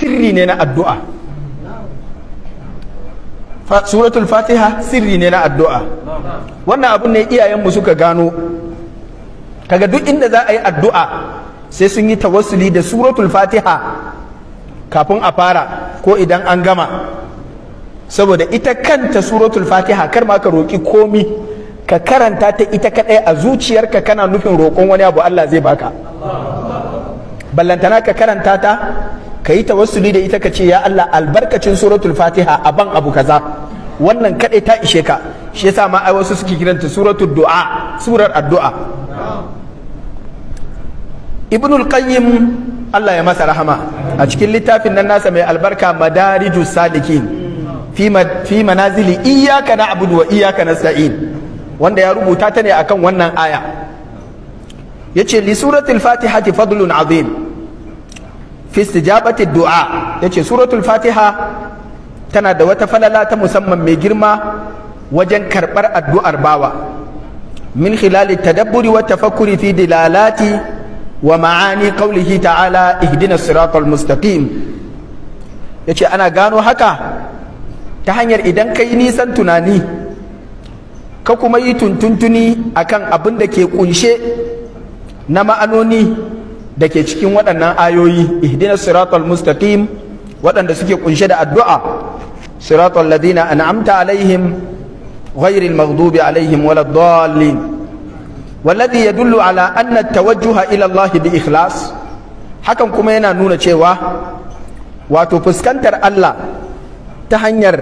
sirri ne na addu'a suratul fatiha sirri ne na addu'a wannan abun ne iyayenmu suka gano kaga duk inda za a yi addu'a sai sun yi tawassuli da suratul fatiha kafin a fara ko idan an gama saboda ita kanta suratul fatiha kar ma ka roƙi komi ka karanta ta ita kaɗai a zuciyarka kana nufin roƙon wani abu Allah zai baka ballantana ka karanta ta ka yi tawassuli da ita ka ce ya Allah albarkacin suratul fatiha a ban abu kaza wannan kaɗai ta ishe ka shi yasa ma ai wasu suke kiranta suratul du'a surar addu'a ibnul qayyim Allah ya masa rahama a cikin littafin nan nasa mai albarka madarijus salikin fi manazili iyyaka na'budu wa iyyaka nasta'in wanda ya rubuta ta ne akan wannan aya yace li suratul fatihati fadlun azim fi istijabati du'a yace suratul fatiha tana da wata falala ta musamman mai girma wajen karɓar addu'ar bawa min khilali tadabburi wa tafakkuri fi dilalati wa ma'ani qawlihi ta'ala ihdina siratal mustaqim yace ana gano haka ta hanyar idan ka yi nisan tunani ka kuma yi tuntuntuni akan abin da ke kunshe na ma'anoni da ke cikin waɗannan ayoyi ihdina siratal mustaqim waɗanda suke kunshe da addu'a siratal ladina an'amta alaihim ghairil maghdubi alaihim waladdallin والذي يدل على ta التوجه إلى da بإخلاص hakan kuma yana nuna cewa wato fuskantar Allah ta hanyar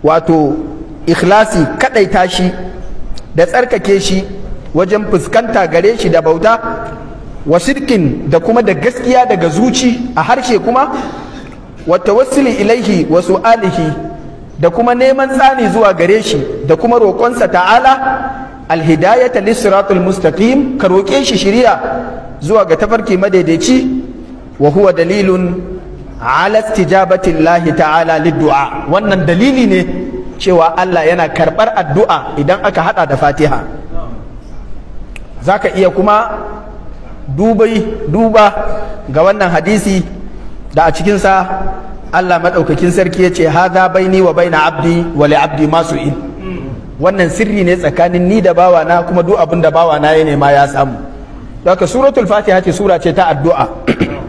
wato ikhlasi kaɗaita shi da tsarkake shi wajen fuskanta gare shi da bauta wa sidkin da kuma da gaskiya daga zuci a harshe kuma wa tawassuli ilaihi wa su'alihi da kuma neman tsani zuwa gare shi da kuma roƙonsa ta'ala alhidayata lissiratul mustaqim ka roƙe shi shiriya zuwa ga tafarki madaidaici wa huwa dalilun ala istijabati ta'ala liddu'a wannan dalili ne cewa Allah yana karɓar addu'a idan aka hada da Fatiha zaka iya kuma dubai duba ga wannan hadisi da a cikinsa Allah maɗaukakin sarki ya ce haza baini wa baina abdi wa abdi masu in wannan sirri ne tsakanin ni da bawana kuma duk abin da bawana ya nema ya samu daga suratul fatiha ce sura ce ta addu'a